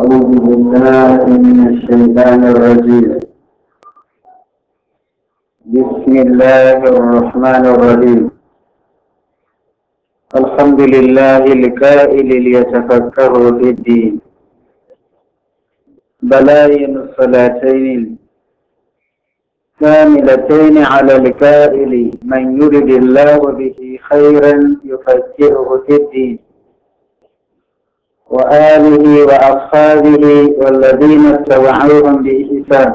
أعوذ بالله من الشيطان الرجيم بسم الله الرحمن الرحيم الحمد لله الكائل ليتفكه في الدين بلاين الصلاتين كاملتين على الكائل من يرد الله به خيرا يفكره في الدين وآله وأصحابه والذين اتبعوهم بإحسان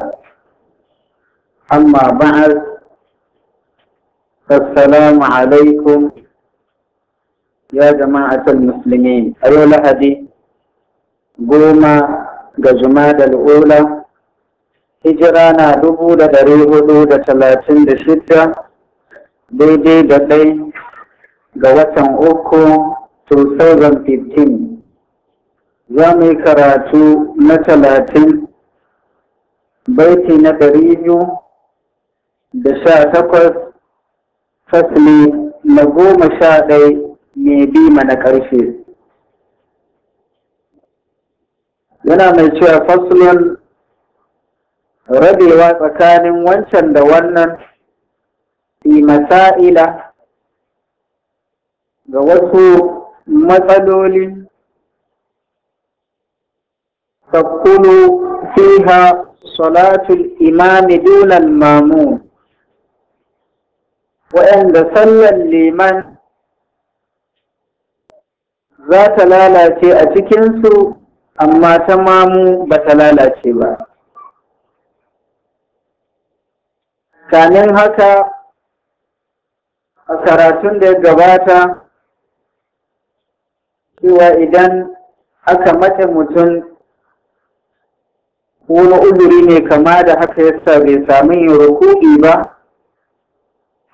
أما بعد فالسلام عليكم يا جماعة المسلمين أيها الأهدي قوما جماد الأولى هجرانا دبو دريه دريهدو ثلاثين تلاتين دي شدة ديدي دا دي ga watan uku 2015 za mu yi karatu na talatin baiti na ɗari biyu da sha takwas fasli na goma sha ɗai mai bi mana ƙarshe yana mai cewa faslun rabewa tsakanin wancan da wannan fi masa'ila ga wasu matsalolin. تبطل فيها صلاة الإمام دون المامون وإن صلى لمن ذات لالا شيء أتكنسو أما تمامو بتلالا شيء kamin haka a karatun da ya gabata cewa idan aka Wani uzuri ne kama da haka yasa bai samu yin ruku'i ba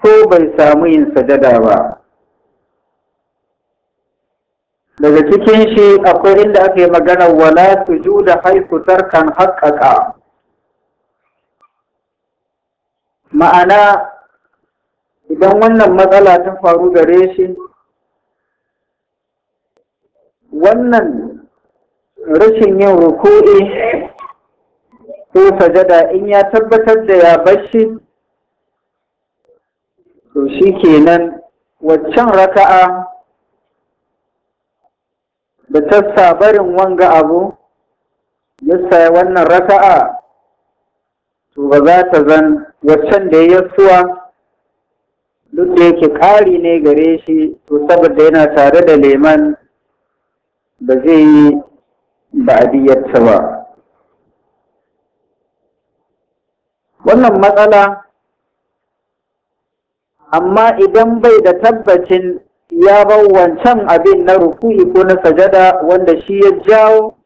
ko bai samu yin sadada ba daga cikin shi akwai inda aka yi magana wala da haiku tarkan haƙaƙa ma'ana idan wannan matsala ta faru gare shi wannan rashin yin ruku'i ko sajada in ya tabbatar da ya bashi to shi kenan waccan raka'a da ta barin wanga abu ya wannan raka'a to ba za ta zan waccan da ya suwa duk da yake ƙari ne gare shi to saboda yana tare da leman ba zai yi ba a ba. wannan matsala amma idan bai da tabbacin ya bar wancan abin na ruku'i ko na sajada wanda shi ya jawo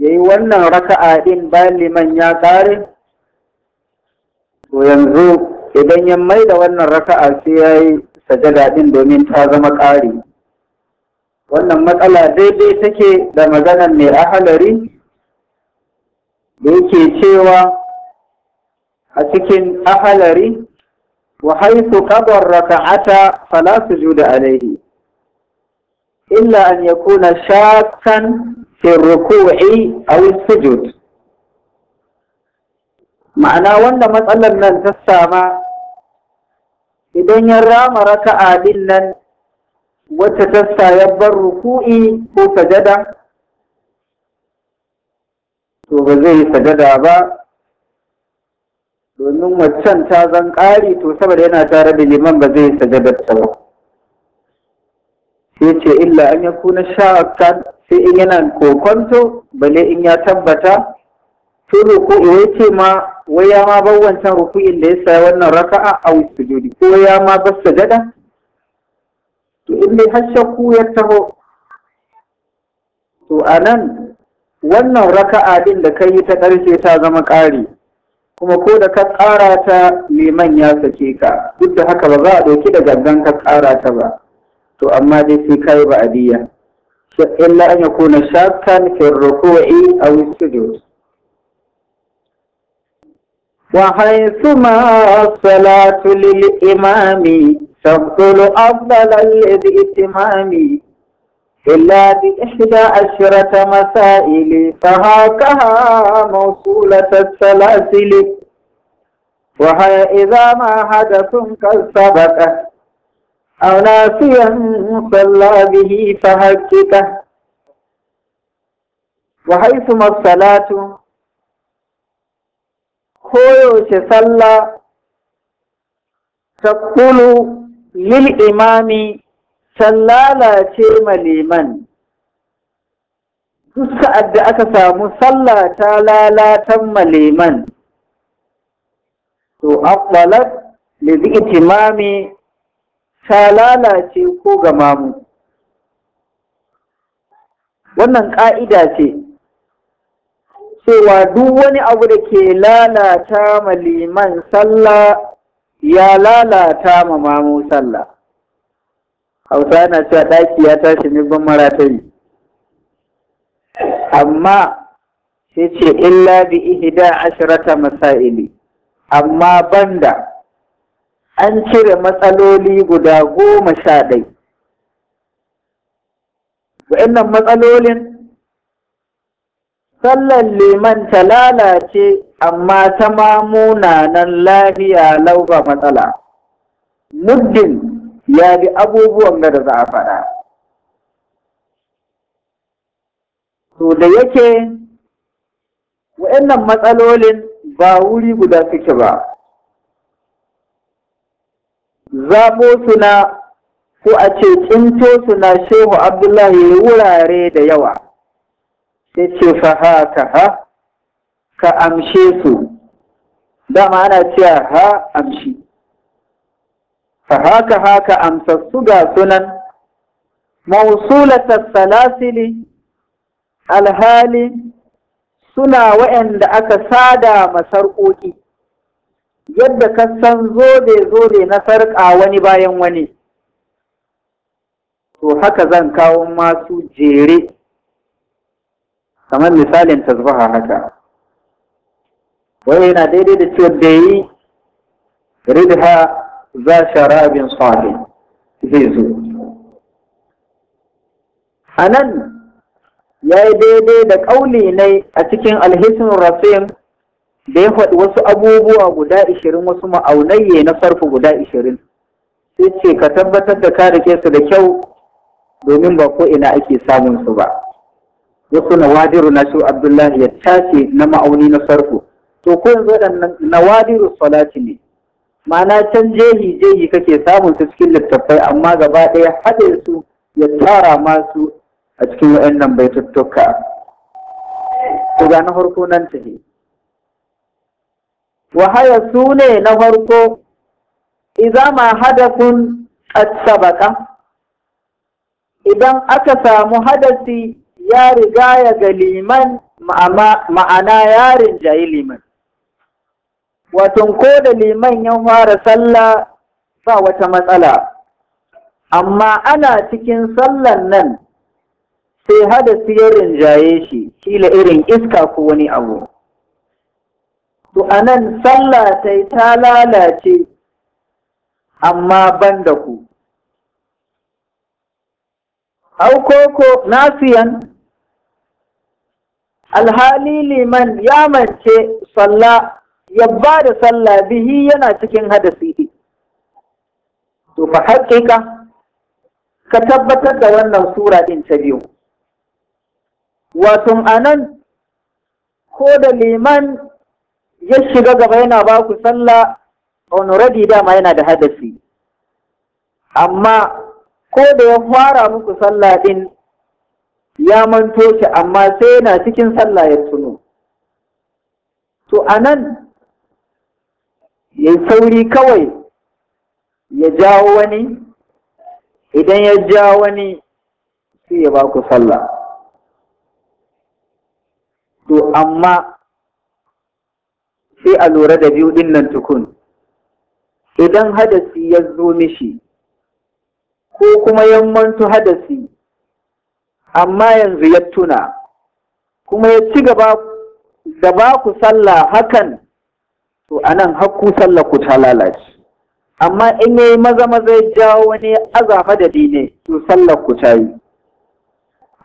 ya yi wannan raka'a ɗin bayan ya ƙare to yanzu idan ya mai da wannan raka'a sai ya yi sajada ɗin domin ta zama ƙari wannan matsala daidai take da maganar mai ahalari da yake cewa a cikin ahalari wa haisu qadar raka'ata fala sujuda alaihi illa an yakuna shakkan fi ruku'i aw sujud ma'ana wanda matsalar nan ta sama idan ya rama raka'a din nan wacce ta sa ya bar ruku'i ko sajada to ba zai yi sajada ba domin waccan ta zan ƙari to saboda yana tare da liman ba zai yi sajada ta ba sai ce illa an ya kuna sha'akan sai in yana kokonto bale in ya tabbata to ruku'i wai ce ma wai ya ma bar wancan ruku'in da ya sa wannan raka'a a sujudi ko ya ma bar sajada to in dai har shakku ya taho to anan wannan raka'a din da kai ta ƙarshe ta zama ƙari kuma ko da ka ƙara ta neman ya sake ka duk da haka ba za a ɗauki da gangan ka ƙara ta ba to amma dai sai kai ba adiya illa an yakuna shakkan fi ruku'i aw sujud وحيثما imami للإمام تبطل أفضل الإتمام إلا بإحدى عشرة مسائل فهاكها موصولة السلاسل وهي إذا ما حدث كالسبقة أو ناسيا صلى به فهككه وحيثما الصلاة koyaushe sallah تقول للإمام can lalace ma liman duk sa'ad da aka samu sallah ta lalatan ma to afdalat li imami ta lalace ko ga mamu wannan ƙa'ida ce cewa duk wani abu da ke lalata ma liman sallah ya lalata ma mamu sallah hausa na cewa ɗaki ya tashi ne ban yi amma sai ce illa bi ihda ashrata masaili amma banda an cire matsaloli guda goma sha ɗai wa'annan matsalolin Sallan liman ta lalace amma ta mamuna nan lafiya lauba matsala muddin ya bi abubuwan da za a faɗa. To da yake wa'annan matsalolin ba wuri guda suke ba, zaɓo suna ko a ce tsinto suna shehu Abdullahi wurare da yawa, ya ce fa haka ha, ka amshe su, dama ana cewa ha amshi. fa haka haka amsassu ga sunan mausulata salasili alhali suna waɗanda aka sada sarƙoƙi. yadda ka san zobe-zobe na sarƙa wani bayan wani to haka zan kawo masu jere kamar misalin tasbaha haka wai yana daidai da cewa da yi ridha za sharabin sabi zai zo a nan ya yi daidai da ƙauli ne a cikin alhisin rasim da ya faɗi wasu abubuwa guda ishirin wasu ma'aunayye na sarfu guda ishirin sai ce ka tabbatar da ka rike su da kyau domin ba ko ina ake samun su ba wasu nawadiru na shi abdullahi ya tace na ma'auni na sarfu to ko yanzu waɗannan nawadiru salati ne ma'ana can jehi jehi kake samun su cikin littattafai amma gaba ɗaya haɗe su ya tara masu a cikin bai baituttuka to ga na farko nan ta tafi wahaya su ne na farko 'Iza ma hadafin sabaka idan aka samu hadasi ya riga ya ga liman ma'ana yarin jayi liman Watan ko da liman ya fara sallah ba wata matsala, amma ana cikin sallan nan sai hada siyarin jaye shi, kila irin iska ko wani abu. To a nan sallah ta yi ta lalace, amma ban da ku. Haukoko nasiyan alhali liman ya mace sallah ya ba da sallah bihi yana cikin hadasi ne to ba haƙiƙa ka tabbatar da wannan sura ɗin ta biyu wato anan ko da liman ya shiga gaba yana ba ku sallah honoradi dama yana da hadasi amma ko da ya fara muku sallah ɗin ya manto shi amma sai yana cikin sallah ya tuno to anan ya yi sauri kawai ya jawo wani idan ya jawo wani sai ya ba ku sallah to amma sai a lura da biyu din nan tukun idan hadasi ya zo mishi ko kuma yammantu hadasi amma yanzu ya tuna kuma ya ci gaba ku sallah hakan to anan hakku sallar ku ta lalace amma in ya yi maza maza ya jawo wani azama da dine to sallar ku ta yi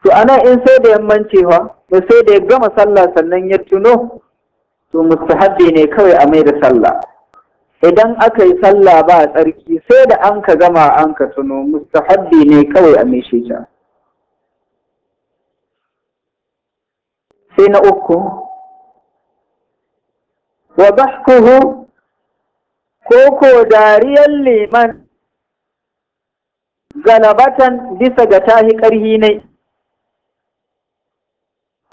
to a nan in sai da yan fa sai da ya gama sallah sannan ya tuno to mustahabbi ne kawai a mai da sallah idan aka yi sallah ba a tsarki sai da an ka gama an ka tuno mustahabbi ne kawai a mai ta sai na uku wa ko koko dariyar liman galabatan bisa ga tahi ƙarhi ne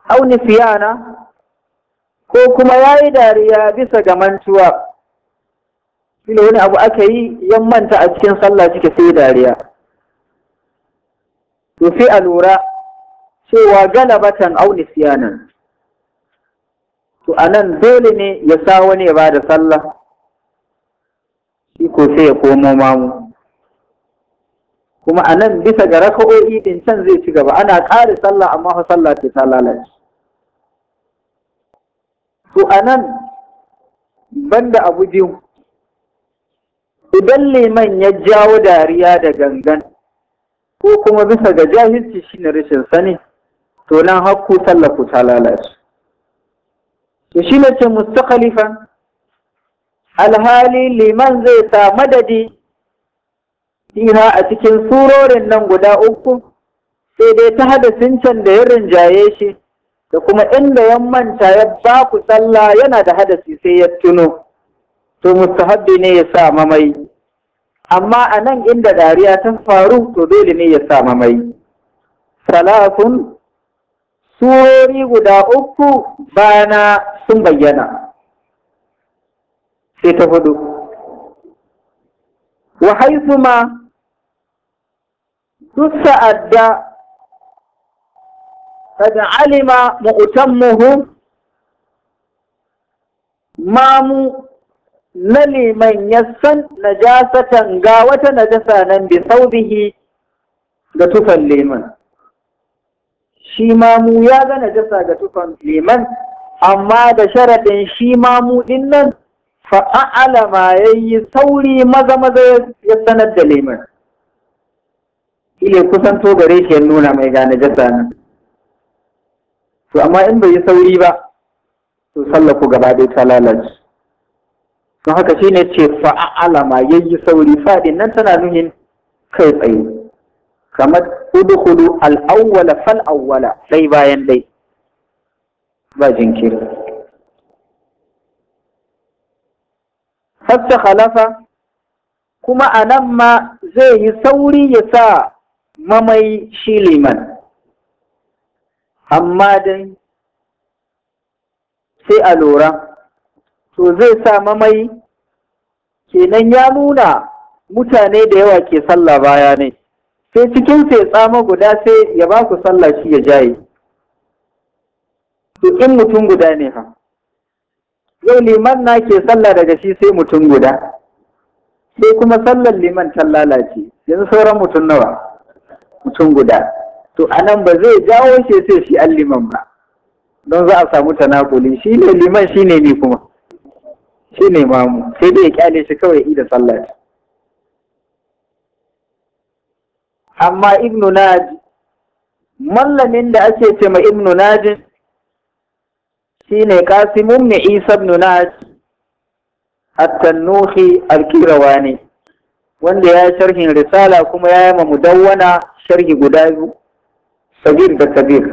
au fiyana ko kuma ya yi dariya bisa ga mantuwa wani abu aka yi yan manta a cikin sallah cike sai dariya to fi a lura cewa galabatan au nisiyanan to anan dole ne ya sa wani ya bada sallah shi ko sai ya komo mamu kuma anan bisa ga raka'o'i ɗin can zai ci gaba ana ƙari sallah amma fa sallah ce ta lalace to anan banda abu biyu idan liman ya jawo dariya da gangan ko kuma bisa ga jahilci shine rashin sani to nan hakku sallah ku ta lalace shi ne ce mustaqalifan alhali liman zai sa madadi ina a cikin surorin nan guda uku sai dai ta hadasin can da ya rinjaye shi da kuma inda ya manta ya ba ku sallah yana da hadasi sai ya tuno to mustahabbi ne ya sa mamai amma a nan inda dariya ta faru to dole ne ya sa mamai salatun surori guda uku bana sun bayyana sai ta hudu wa haifu ma duk sa'ad da kada alima mu'tammuhu mamu na liman yassan najasatan ga wata na jasa nan bi saubihi ga tufan liman shi mamu ya ga jasa ga tufan liman amma da sharaɗin shi mu ɗin nan fa'a'ala ma ya yi sauri maza maza ya sanar da liman ile kusanto gare shi ya nuna mai gane jasa nan to amma in bai yi sauri ba to sallaku gaba ɗaya ta lalace don haka shi ne ce fa'a'ala ma ya yi sauri faɗin nan tana nuhin kai tsaye kamar kudu-kudu al'awwala fal'awwala ɗai bayan ɗai ba jinkiri hatta khalafa kuma a nan ma zai yi sauri ya sa mamai shi liman amma dai sai a lura to zai sa mamai kenan ya nuna mutane da yawa ke sallah baya ne sai cikin sai tsama guda sai ya ba ku sallah shi ya jaye to in mutum guda ne ha yau liman na ke sallah daga shi sai mutum guda sai kuma sallar liman ta lalace yanzu sauran mutum nawa mutum guda to anan ba zai jawo shi sai shi an liman ba don za a samu tanakuli shi ne liman shi ne ni kuma shi ne mamu sai dai ya kyale shi kawai ida sallah amma ibnu naji mallamin da ake ce ma ibnu najin shine qasim ibn isa ibn nas at-tanuhi al-kirawani wanda ya yi sharhin risala kuma ya yi ma mudawwana sharhi guda biyu sabir da sabir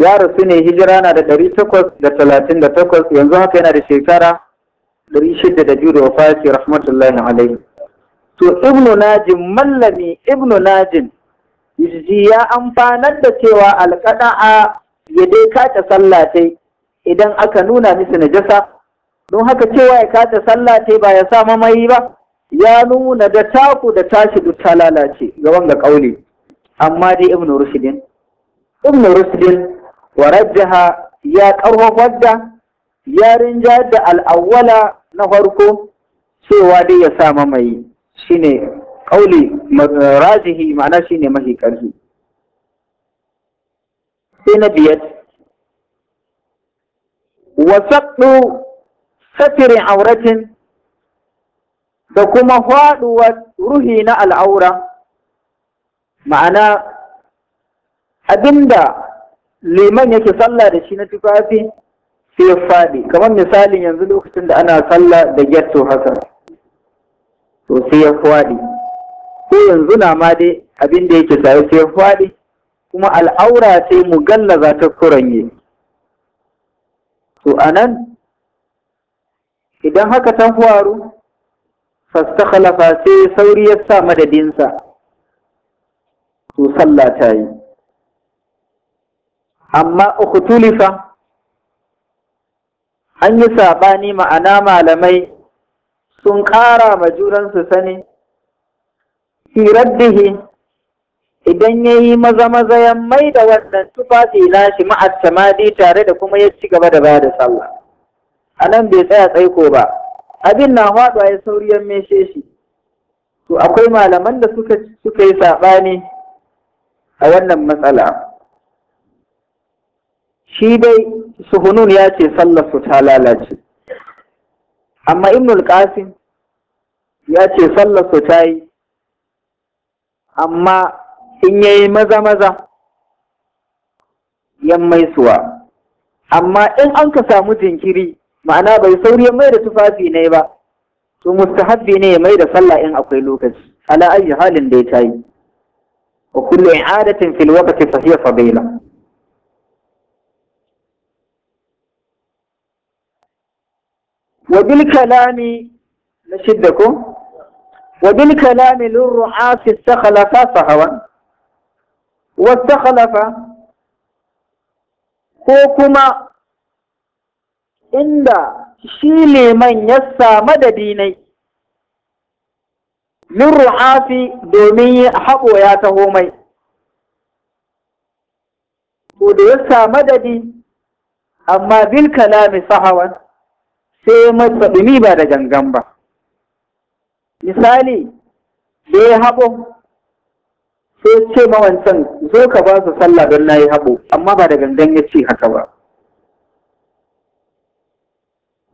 ya rasu ne hijira na da dari takwas da talatin da takwas yanzu haka yana da shekara dari shida da biyu da wafati rahmatullahi alaihi to ibnu najin mallami ibnu najin ya amfanar da cewa alƙada'a ya dai kace sallah idan aka nuna na najasa don haka cewa ya kace sallah tai ba ya sa mamayi ba ya nuna da taku da tashi duk ta lalace ga wanga kauli amma dai ibnu rushdin ibnu rushdin wa rajjaha ya karfafa da ya rinja da al'awwala na farko cewa dai ya sa mamayi shine kauli rajihi ma'ana shine mahi karfi sai na biyar wasaɗu satirin auratin da kuma faɗuwar ruhi na al'aura ma'ana abinda liman yake sallah da shi na tufafi sai faɗi kamar misalin yanzu lokacin da ana sallah da ghetto haka to sai ya faɗi ko yanzu na ma dai abinda yake sayo sai ya faɗi kuma al'aura sai ce za ta kuranye to anan idan haka ta faru fastakhlafa sai sauri ya sa madadinsa to sallah ta yi amma ukhtulifa an yi saɓani ma'ana malamai sun ƙara ma junansu sani fi raddihi idan ya yi maza maza ya mai da wannan tufafi na shi samadi tare da kuma ya ci gaba da ba da sallah a nan bai tsaya tsaiko ba abin na faɗuwa ya sauri ya meshe shi to akwai malaman da suka suka yi saɓani a wannan matsala shi dai suhunun ya ce sallar su ta lalace amma ibnul qasim ya ce sallar su ta yi amma in ya yi maza-maza yan suwa. amma in an ka samu jinkiri ma'ana bai sauri ya mai da tufafi ne ba to mustahabbi ne ya mai da sallah in akwai lokaci ala ayi halin da ya tayi wa kullu i'adatin fil waqti fa hiya fadila wa bil kalami na shidda ko wa bil kalami lil ru'asi sakhalafa sahawan halafa ko kuma inda shi liman ya samu madadinai min ru'afi domin yi haɓo ya taho mai ko da ya samu madadi amma bil kalami sahawan sai masa ɗumi ba da gangan ba misali sai ya haɓo sai ce mawancan zo ka ba su sallah don na yi haɓo amma ba da gangan ya ce haka ba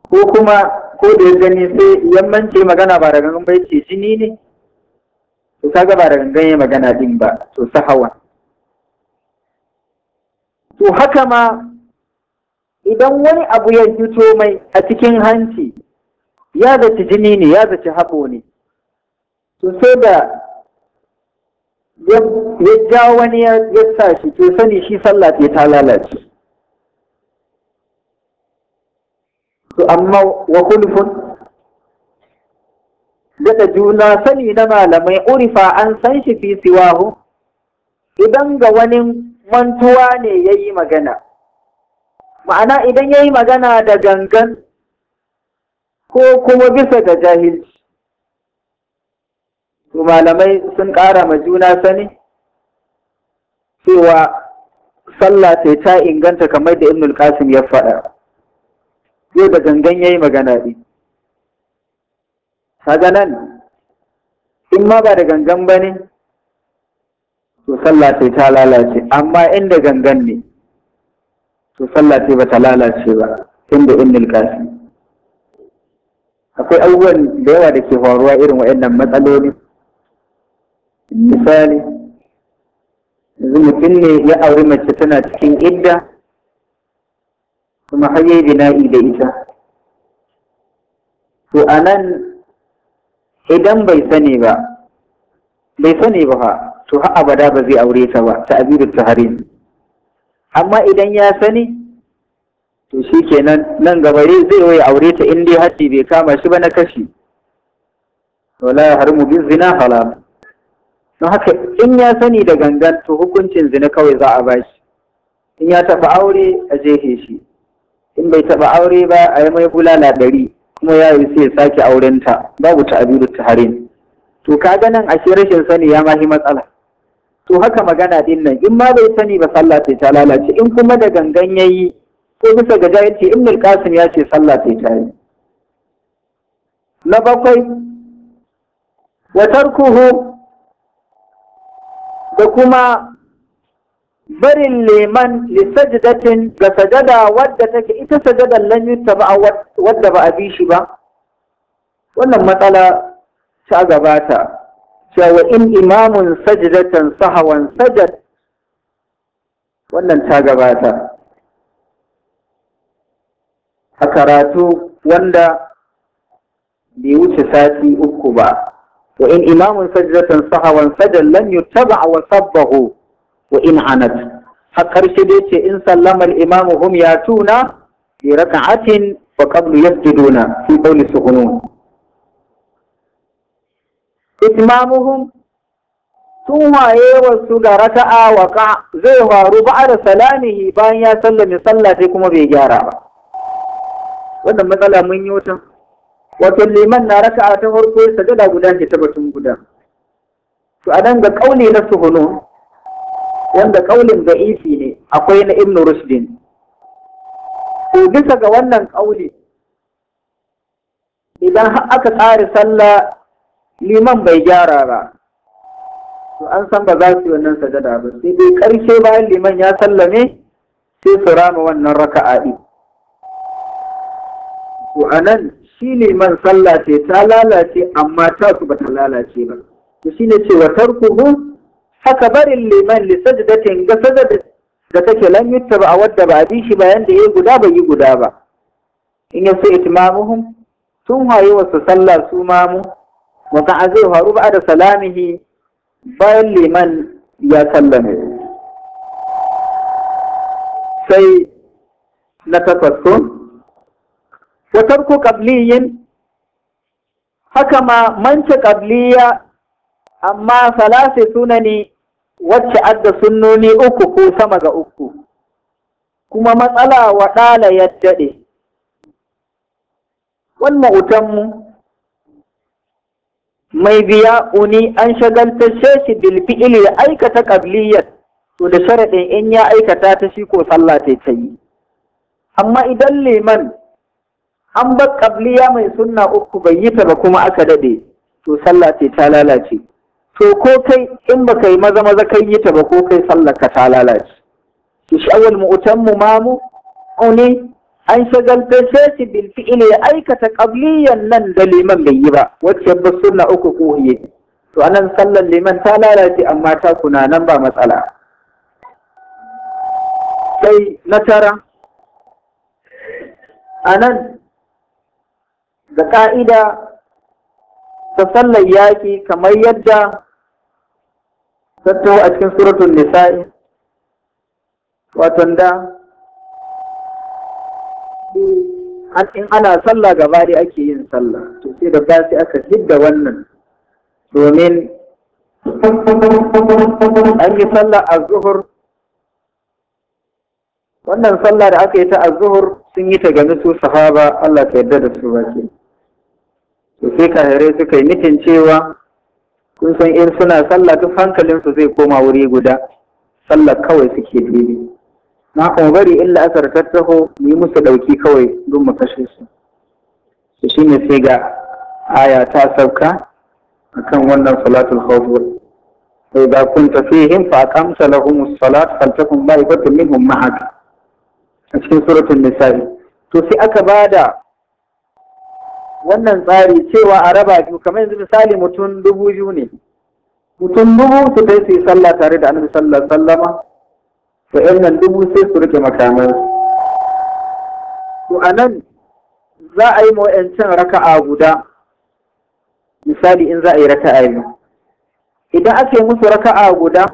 ko kuma ko da ya gani sai yammanci magana ba da gangan ba ce jini ne to kaga ba da gangan ya magana din ba to hawa. to haka ma idan wani abu ya fito mai a cikin hanci ya zaci jini ne ya zaci haɓo ne to sai da ya ja wani ya sa shi ke sani shi sallah ce ta lalace to amma wa kulfun daga juna sani na malamai urifa an san shi fi siwahu idan ga wani mantuwa ne ya yi magana ma'ana idan ya yi magana da gangan ko kuma bisa ga jahilci to malamai sun ƙara ma juna sani cewa sallah sai ta inganta kamar da ibnul qasim ya faɗa yau da gangan yayi magana ɗi kaga nan in ma ba da gangan ba ne to sallah sai ta lalace amma inda gangan ne to sallah sai ba ta lalace ba inda ibnul qasim akwai abubuwan da yawa da ke faruwa irin waɗannan matsaloli misali yanzu mutum ne ya auri mace tana cikin idda kuma har yi bina'i da ita to a nan idan bai sani ba bai sani ba ha to ha abada ba zai aure ta ba ta abidu ta harin amma idan ya sani to shi kenan nan gabare zai waye aure ta inda ya bai kama shi ba na kashi wala har mu bin zina halama don haka in ya sani da gangan to hukuncin zina kawai za a bashi in ya taɓa aure a jehe shi in bai taɓa aure ba a yi mai bulala ɗari kuma ya yi sai sake aurenta babu ta harin. to ka ganin ashe rashin sani ya mahi matsala to haka magana din nan in ma bai sani ba sallah sai ta lalace in kuma da gangan ya yi, ko bisa ga jahilci in mil ya ce sallah sai ta yi na bakwai wa tarkuhu da kuma barin liman lisajdatin ga sajada wadda take ita sajadar lanyuta ba wadda ba a bi shi ba wannan matsala ta gabata cewa in imamun sajdatan sahawan sajad wannan ta gabata a karatu wanda bai wuce sati uku ba وإن إمام فجرة صحى وانسجد لن يتبع وصبه وإن عنت حقر شديد إن سلم الإمام هم ياتون في ركعة وقبل يسجدون في قول سخنون إتمامهم ثم أيوة سجى ركعة وقع زيها ربع سلامه بان يسلم صلى فيكم بإجارة وإن مثلا من يوتم wato liman na raka'a ta farko ya sajada guda ke ta batun guda to a nan ga kauli na suhunu wanda ƙaunin da ifi ne akwai na ibnu rushdin to bisa ga wannan ƙauli idan aka tsari sallah liman bai gyara ba to an san ba za su yi wannan sajada ba sai dai ƙarshe bayan liman ya sallame sai su rama wannan raka'a din to nan shi liman sallah sallace ta lalace amma ta su bata lalace ba to ne ce wa tarkuhu haka barin liman li sajdatin ga sajda da take yutta ba a wadda ba a bi shi bayan da yayi guda bai yi guda ba in yasu itmamuhum sun hayo wasu sallah su mamu wa kan zai faru ba da salamihi bayan liman ya sallame sai na takwas wa tarku qabliyin haka ma manta qabliya amma salase sunani wacce adda sunnoni uku ko sama ga uku kuma matsala wa ɗala ya daɗe wannan mu, mai biya uni an shagaltashe shi bilfi'ili ya aikata ƙabliyar to da sharaɗin in ya aikata ta shi ko sallah ta yi amma idan liman an bar kabliya mai sunna uku bai yi ta ba kuma aka dade to sallah ce ta lalace to ko kai in baka yi maza maza kai yi ta ba ko kai sallah ka ta lalace ki shawal mu'tan mu mamu ne an shagalta shi bil fi'il ya aikata qabliyan nan da liman bai yi ba wacce ba sunna uku ko yi to anan sallar liman ta lalace amma ta kuna nan ba matsala sai na tara anan da ƙa'ida ta sallar yaƙi kamar yadda tattawa a cikin suratun nisa'i watan da in ana sallah gaba dai ake yin sallah to sai da sai aka hidda wannan domin an yi sallah a zuhur wannan sallah da aka yi ta a zuhur sun yi ta ganin su sahaba Allah ta yarda da su ba ke. sai kafirai suka yi nufin cewa kun san in suna sallah duk hankalinsu zai koma wuri guda sallah kawai suke dubi na kuma bari illa asar tattaho mu yi musu ɗauki kawai don mu kashe su to shine sai ga aya ta sauka akan wannan salatul khawf sai ba kun tafihim fa aqamta lahum as-salat faltakum ba'iqatun minhum ma'ak a cikin suratul nisa'i to sai aka bada wannan tsari cewa a raba biyu kamar yanzu misali mutum dubu biyu ne mutum dubu su kai su yi sallah tare da annabi sallallahu sallama to yan nan dubu sai su rike makaman to a nan za a yi ma wa'yancan raka'a guda misali in za a yi raka'a yi idan aka yi musu raka'a guda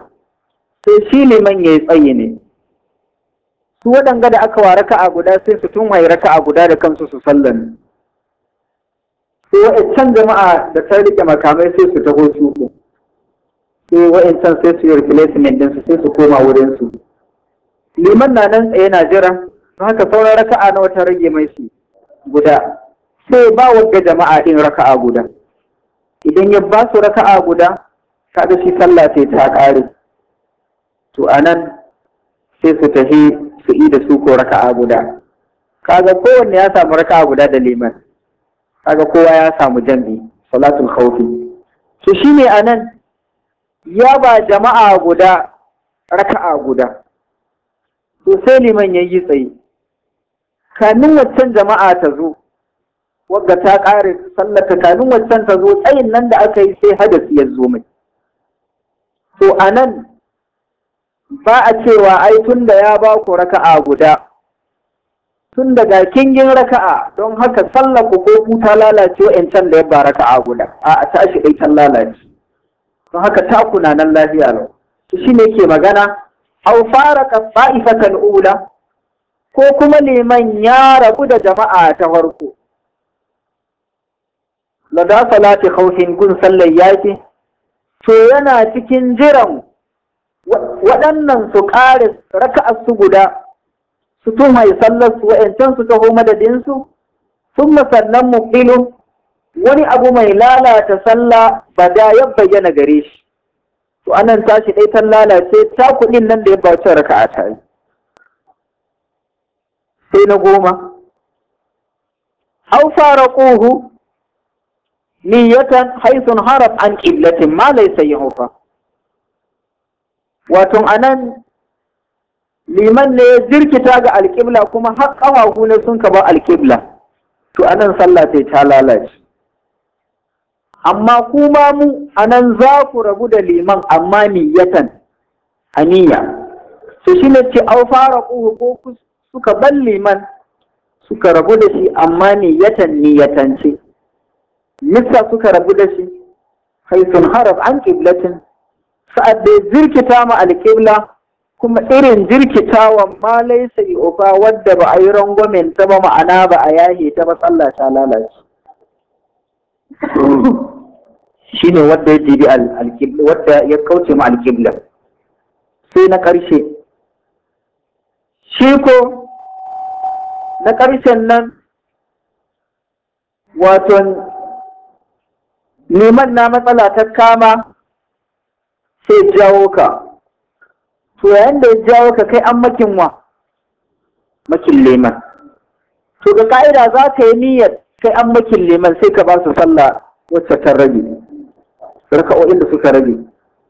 sai shi liman ya yi tsayi ne su waɗanga da aka wa raka'a guda sai su tun raka'a guda da kansu su sallan sai wa'ancan jama'a da ta rike makamai sai su taho su ku sai wa'ancan sai su yi replacement din su sai su koma wurin su liman na nan tsaye na jira don haka sauran raka'a na wata rage mai su guda sai ba wagga jama'a din raka'a guda idan ya ba su raka'a guda kaga shi sallah sai ta kare to anan sai su tahi su yi da su ko raka'a guda kaga kowanne ya samu raka'a guda da liman kaga kowa ya samu jambi salatul khawfi to shine anan ya ba jama'a guda raka'a guda to sai liman yayi tsaye kanin waccan jama'a ta zo wanda ta ƙare sallata kamin waccan ta zo tsayin nan da aka yi sai hadasi ya zo mai to anan ba a cewa ai tunda ya ba ku raka'a guda tun daga kingin raka'a don haka sallar ku ko ku ta lalace wa'ancan da ya ba raka'a guda a tashi dai can lalace don haka taku na nan lafiya lau shi ne ke magana au fara ka fa'ifatan ula ko kuma liman ya rabu da jama'a ta farko lada salati khawfin gun sallar yaki to yana cikin jiran waɗannan su ƙare raka'a su guda su mai sallar su wa'yancan su taho madadinsu sun masannan mukilin wani abu mai lalata sallah ba da ya bayyana gare shi to anan tashi ɗai ta lalace ta kuɗin nan da ya ba wacce raka'a yi sai na goma au fara ƙuhu niyatan haisun harab an ƙillatin ma laisa yi hufa anan liman ne ya jirkita ga alƙibla kuma har ƙafafu ne sun kaba alƙibla to anan sallah sai ta lalace amma kuma mu anan za ku rabu da liman amma niyyatan aniya su shi ne ce au fara ko suka bar liman suka rabu da shi amma niyyatan niyatance misa suka rabu da shi haifin haraf an ƙiblatin sa'ad da zirkita ma alƙibla kuma irin jirkitawan ma laisa bi uba wadda ba a yi rangwamen ta ba ma'ana ba a yahe ta ba sallah ta lalace ne wadda ya dibi alƙibla wadda ya kauce ma alƙibla sai na ƙarshe shi ko na ƙarshen nan waton neman na matsala ta kama sai jawo ka to yayin da ya jawo ka kai an makin wa makin leman to ga ka'ida za ka yi niyyar kai an makin leman sai ka ba su sallah wacce ta rage raka'o'in da suka rage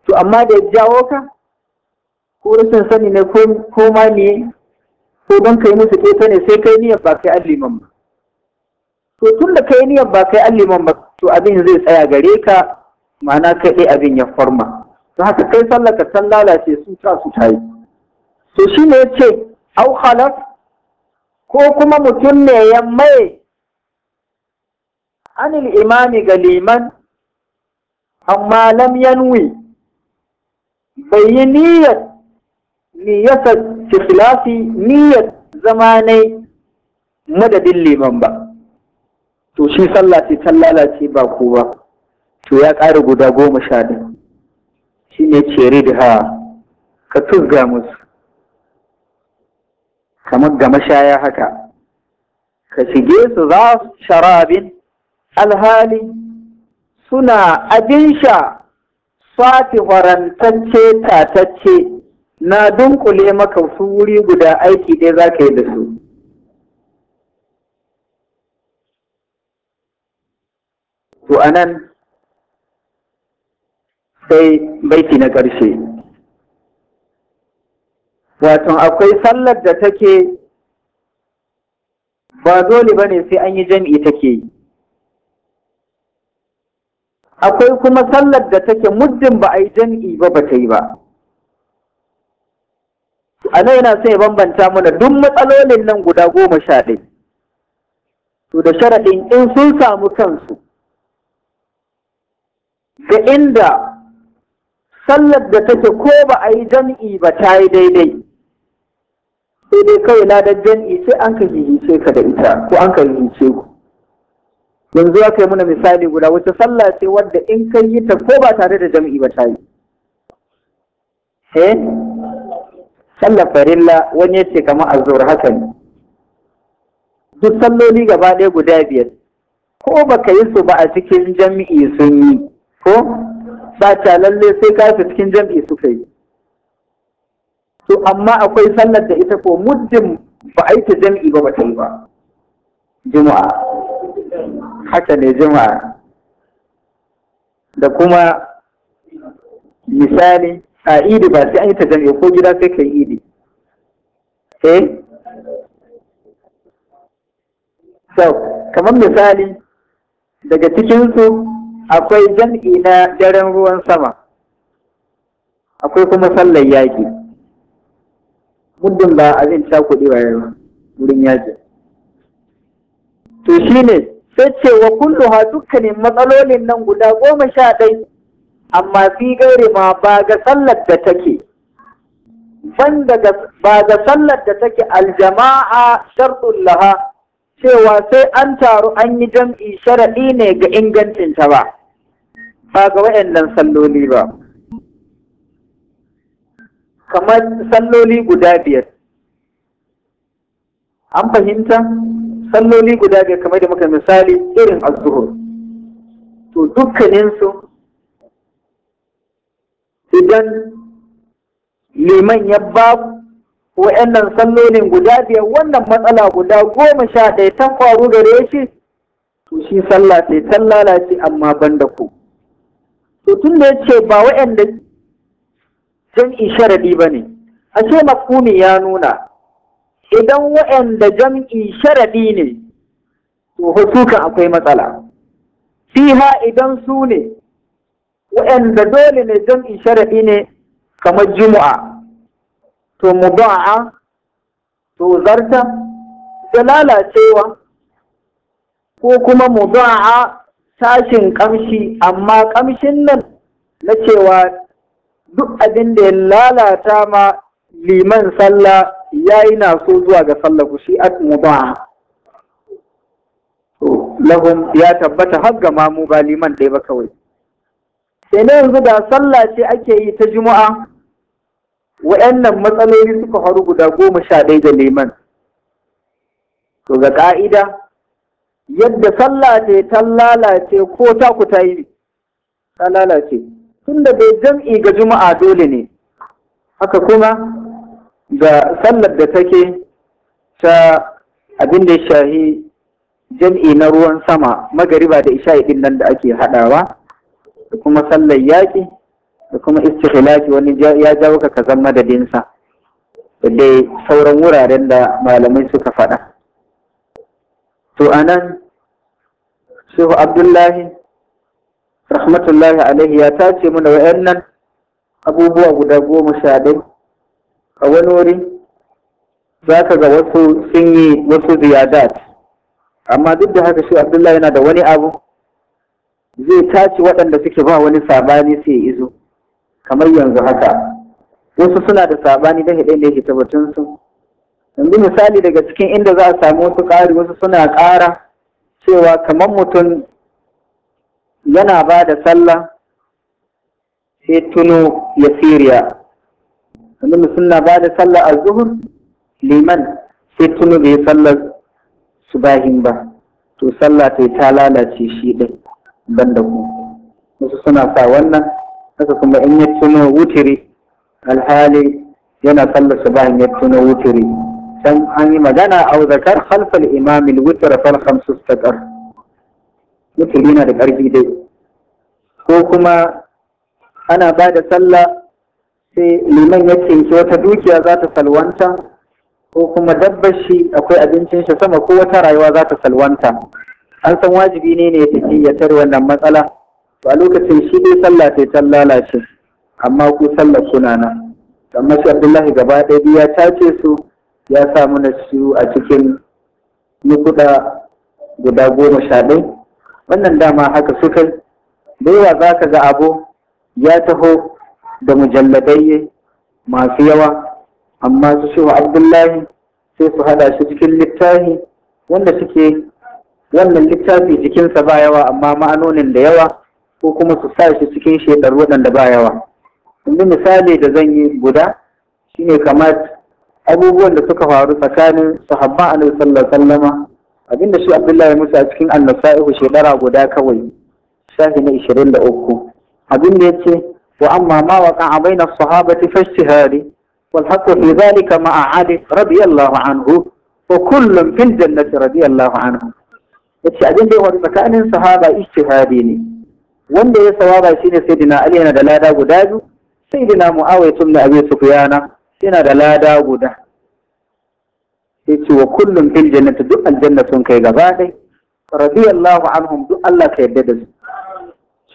to amma da ya jawo ka ko rashin sani ne ko ma ne ko don ka yi musu keta ne sai ka yi niyyar ba kai alliman ba to tun da ka yi niyyar ba kai alliman ba to abin zai tsaya gare ka ma'ana kai ɗaya abin ya farma. da haka kai sallar ka san lalace su ta su ta to shi ne ce au khalaf ko kuma mutum ne ya mai anil imami ga liman amma lam yanwi bai yi niyyar niyyata tifilafi niyyar zama ne madadin liman ba to shi sallah ce lalace ba ko ba to ya ƙara guda goma sha ɗaya ne ce ridha ka tuzga musu kamar ga mashaya haka ka shige su za su sharabin alhali suna abin sha fati farantacce tatacce na dunkule maka su wuri guda aiki ɗaya za ka yi da su to anan sai baiti na ƙarshe wato akwai sallar da take ba dole ba ne sai an yi jami'i take yi akwai kuma sallar da take muddin ba a yi jami'i ba ba ta yi ba a nan yana sai bambanta mana duk matsalolin nan guda goma sha ɗaya to da sharaɗin in sun samu kansu Da inda sallar da take ko ba a yi jam'i ba ta yi daidai sai dai kawai ladar jam'i sai an ka hihice ka da ita ko an ka hihice ku yanzu aka yi muna misali guda wacce sallah ce wadda in kai yi ta ko ba tare da jam'i ba ta yi eh sallar farilla wani ya ce kamar azur haka ne duk salloli gaba ɗaya guda biyar ko baka yi su ba a cikin jam'i sun yi ko ba ta lalle sai ka fi cikin jam'i suka yi to amma akwai sallar da ita ko muddin ba a yi ta jam'i ba ba ta yi ba juma'a haka ne juma'a da kuma misali a idi ba sai an yi ta jam'i ko gida sai ka yi idi eh so kamar misali daga cikinsu akwai jam'i na daren ruwan sama akwai kuma sallar yaƙi muddin ba abin cakuɗi wa yawa wurin yaƙi to ne, sai ce wa kulluha dukkanin matsalolin nan guda goma sha ɗai amma fi gaire ma ba ga sallar da take ban daga ba ga sallar da take aljama'a sharɗun laha cewa sai an taru an yi jam'i sharaɗi ne ga ingancinta ba ba ga waɗannan salloli ba kamar salloli guda biyar an fahimta salloli guda biyar kamar da muka misali irin azuhur to dukkaninsu idan liman ya ba wa'annan sallolin guda biyar wannan matsala guda goma sha ɗaya ta faru gare shi to shi sallah sai ta lalace amma ban da ku mutum da ya ce ba wa'anda jam'i sharadi ba ne a ce mafumi ya nuna idan wa'anda jam'i sharadi ne to hasuka akwai matsala fiha idan su ne waɗanda dole ne jam'i sharadi ne kamar juma'a to mu muba'a to zarta da lalacewa ko kuma mu muba'a sashin ƙamshi amma ƙamshin nan na cewa duk abin da ya lalata ma liman sallah ya yi naso zuwa ga sallah ku shi at ba lahum ya tabbata har ga mamu ba liman ɗaya ba kawai sai na yanzu da sallah ce ake yi ta juma'a wa'annan matsaloli suka faru guda goma sha ɗaya da liman to ga ƙa'ida yadda sallah ce ta lalace ko ta ku ta yi ta lalace tunda bai jam'i ga juma'a dole ne haka kuma ga sallar da take ta abin da shahi jam'i na ruwan sama magariba da isha din nan da ake haɗawa da kuma sallar yaƙi da kuma istikhlafi wani ya jawo ka kazan madadinsa da dai sauran wuraren da malamai suka faɗa to anan shehu abdullahi rahmatullahi alaihi ya tace mana wa'annan abubuwa guda goma sha ɗai a wani wuri za ka ga wasu sun yi wasu ziyadat amma duk da haka shi abdullahi yana da wani abu zai tace waɗanda suke ba wani sabani sai ya izo kamar yanzu haka wasu suna da sabani da hidai ne ke su yanzu misali daga cikin inda za a samu wasu ƙari wasu suna ƙara cewa kamar mutum yana ba da sallah sai tuno ya siriya kamar mutum na ba da sallah a zuhur liman sai tuno bai sallar subahin ba to sallah ta ta lalace shi ɗin ban da ku wasu suna sa wannan haka kuma in ya tuno wutiri alhali yana sallar subahin ya tuno wutiri dan an yi magana au zakar khalfal imam al-witr fal khamsu istaqar witr da ƙarfi dai ko kuma ana ba da sallah sai liman ya cinki wata dukiya za ta salwanta ko kuma dabbar shi akwai abincin shi sama ko wata rayuwa za ta salwanta an san wajibi ne ne ya tafi ya tare wannan matsala to a lokacin shi dai sallah sai ta lalace amma ku sallar kuna nan dan masu abdullahi gaba ɗaya biya ta ce su ya samu mana su a cikin nukuda guda goma sha ɗai wannan dama haka sukai da yawa za ka ga abu ya taho da mujalladai masu yawa amma su shi wa abdullahi sai su hada shi cikin littafi wanda suke wannan littafi jikinsa ba yawa amma ma'anonin da yawa ko kuma su sa shi cikin shekaru waɗanda ba yawa. Yanzu misali da zan yi guda shine kamar abubuwan da suka faru tsakanin sahabban a nai alaihi wasallama abinda shi abdullahi musa a cikin annasa'ihu shekara guda kawai shafi na 23 abinda ya ce wa amma ma wa kan abaina sahabati fashtihari wal haqqu fi dhalika ma ali rabiyallahu anhu ko kullum fil jannati rabiyallahu anhu ya ce abinda ya faru tsakanin sahaba ijtihadi ne wanda ya sawaba shine sayyidina ali yana da lada guda biyu sayyidina muawiya ibn abi sufyana yana da lada guda Ya ce wa kullum fil jannati duk aljanna sun kai gaba dai radiyallahu anhum duk Allah ka yarda da su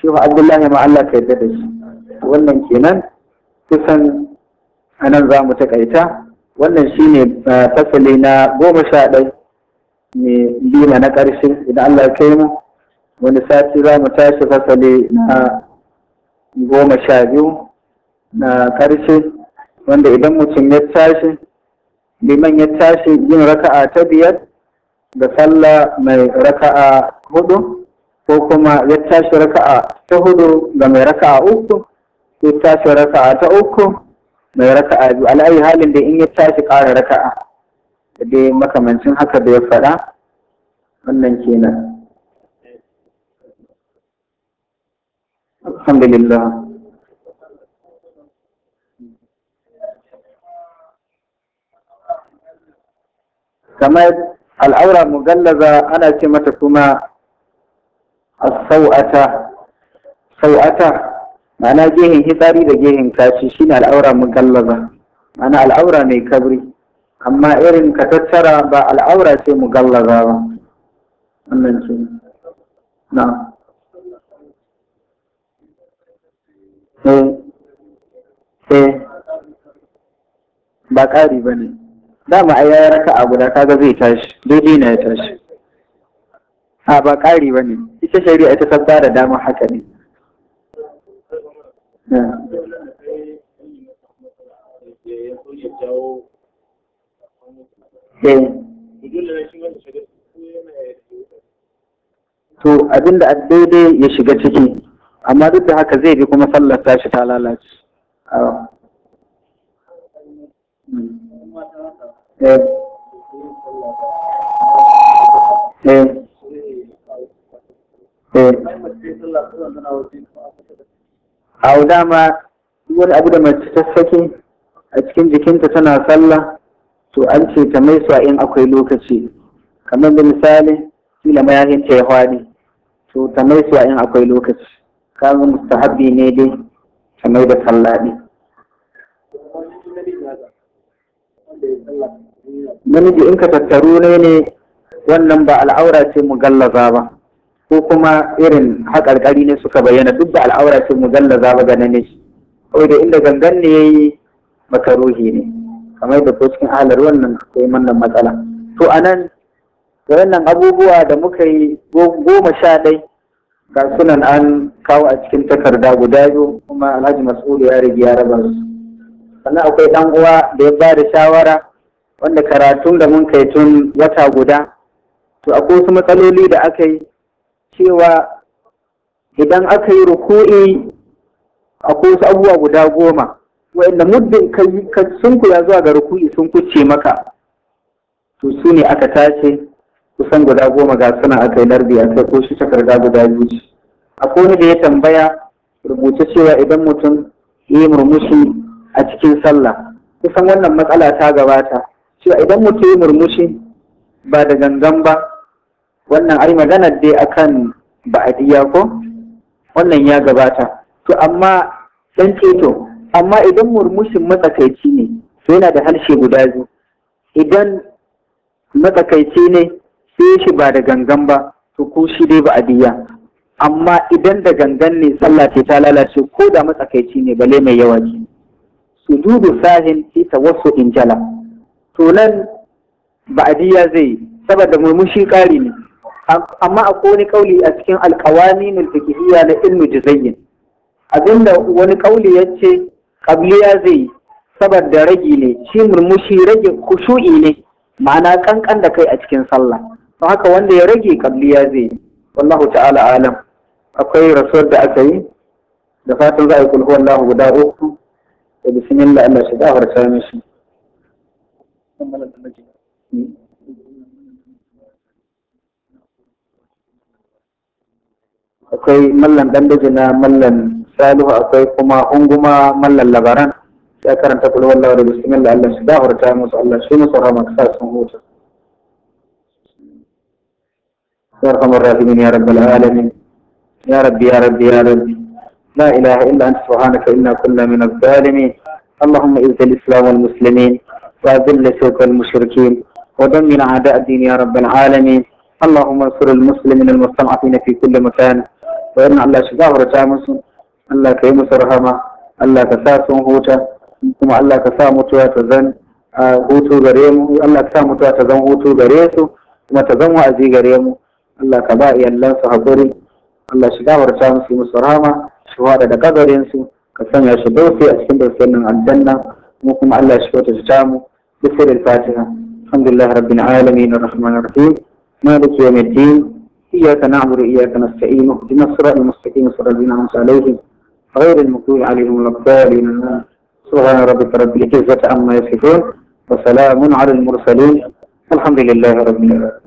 shehu abdullahi ma Allah ka yadda da su wannan kenan kusan anan za mu takaita wannan shine ah, fasali na goma sha ɗai Me lima na ƙarshe idan Allah ya kai mu wani sati za mu tashi fasali na goma sha biyu na ƙarshe wanda idan mutum ya tashi liman ya tashi yin raka'a ta biyar da sallah mai raka'a hudu ko kuma ya tashi raka'a ta hudu da mai raka'a uku ya tashi raka'a ta uku mai raka'a biyu alayi halin da in ya tashi ƙara raka'a da dai makamancin haka da ya faɗa wannan kenan alhamdulillah kamar al'aura mugallaza ana ce mata kuma sau'ata sau'ata ma'ana gehen hitsari da gehen kashi shine al'aura mugallaza ma'ana al'aura mai kabri amma irin ka tattara ba al'aura ce mugallaza ba wannan ce na eh. eh. ba ƙari ba ne dama ai raka a guda kaga zai tashi dole ne ya tashi a ba ƙari ba ne ita shari'a ta sabba da dama haka ne eh. to abinda da daidai ya shiga ciki amma duk da haka zai bi kuma sallar tashi ta lalace a dama wani abu da mace ta sake a cikin jikinta tana sallah to an ce ta mai su in akwai lokaci kamar da misali kila mayakin ta ya to ta mai su in akwai lokaci kaga mustahabbi ne dai ta mai da sallah namiji in ka tattaru ne ne wannan ba al'aura ce gallaza ba ko kuma irin haƙarƙari ne suka bayyana duk da al'aura ce gallaza ba ga namiji kawai da inda gangan ne yayi makaruhi ne kamar da ko cikin halar wannan akwai wannan matsala to a nan, da wannan abubuwa da muka yi goma sha ɗai ga sunan an kawo a cikin takarda guda biyu kuma alhaji mas'ulu ya rage ya raba su sannan akwai ɗan uwa da ya ba da shawara wanda karatun da mun kai tun wata guda to akwai wasu matsaloli da aka yi cewa idan aka yi ruku'i akwai wasu abubuwa guda goma wa'inda muddin kai sun kula zuwa ga ruku'i sun kuce maka to su ne aka tace kusan guda goma ga suna aka yi lardi a kai ko shi takarda guda biyu akwai wani da ya tambaya rubuta cewa idan mutum ya yi murmushi a cikin sallah kusan wannan matsala ta gabata cewa idan mutum yi murmushi ba da gangan ba wannan ai magana dai akan diya ko wannan ya gabata to amma dan ceto amma idan murmushin matsakaici ne to yana da harshe guda biyu idan matsakaici ne sai shi ba da gangan ba to ko shi dai diya amma idan da gangan ne sallah ce ta lalace ko da matsakaici ne bale mai yawa sujudu sahin fi tawassu'in jala to nan ba'diya zai saboda murmushi ƙari ne amma akwai wani kauli a cikin alƙawamin alfiqhiyya na ilmu juzayyin abinda wani kauli yace qabliya zai saboda ragi ne shi murmushi rage kushu'i ne ma'ana kankan da kai a cikin sallah don haka wanda ya rage qabliya zai wallahu ta'ala alam akwai rasuwar da aka yi da fatan za a yi kulhu wallahu guda uku da bismillah Allah shi akwai mallan dandaji na mallan salihu akwai kuma unguma mallan labaran ya karanta kula wallawa da bismillah Allah shi gafarta musu Allah shi musu rahama ka sun huta يا ارحم الراحمين يا رب لا إله إلا أنت سبحانك إنا كنا من الظالمين اللهم إذ الإسلام والمسلمين وأذل سوق المشركين ودمنا أعداء الدين يا رب العالمين اللهم انصر المسلمين المستضعفين في كل مكان وإن الله شجاع ورجاء مسلم الله كريم سرهما الله كساسون هوتا ثم الله كسام وتوازن آه، هوتو غريم الله كسام وتوازن هوتو غريسو ثم تزن وأزي غريم الله كبائي الله صحبري الله شجاع ورجاء مسلم سرهما su hada da kabarinsu ka sanya shi dauke a cikin dauke nan aljanna mu kuma Allah shi wata ta mu bisir al-fatiha alhamdulillah rabbil alamin arrahman arrahim maliki yawmiddin iyyaka na'budu wa iyyaka nasta'in ihdinas siratal mustaqim siratal ladzina an'amta alaihim غير المغضوب عليهم ولا الضالين سبحان ربك رب العزة عما يصفون وسلام على المرسلين والحمد لله رب العالمين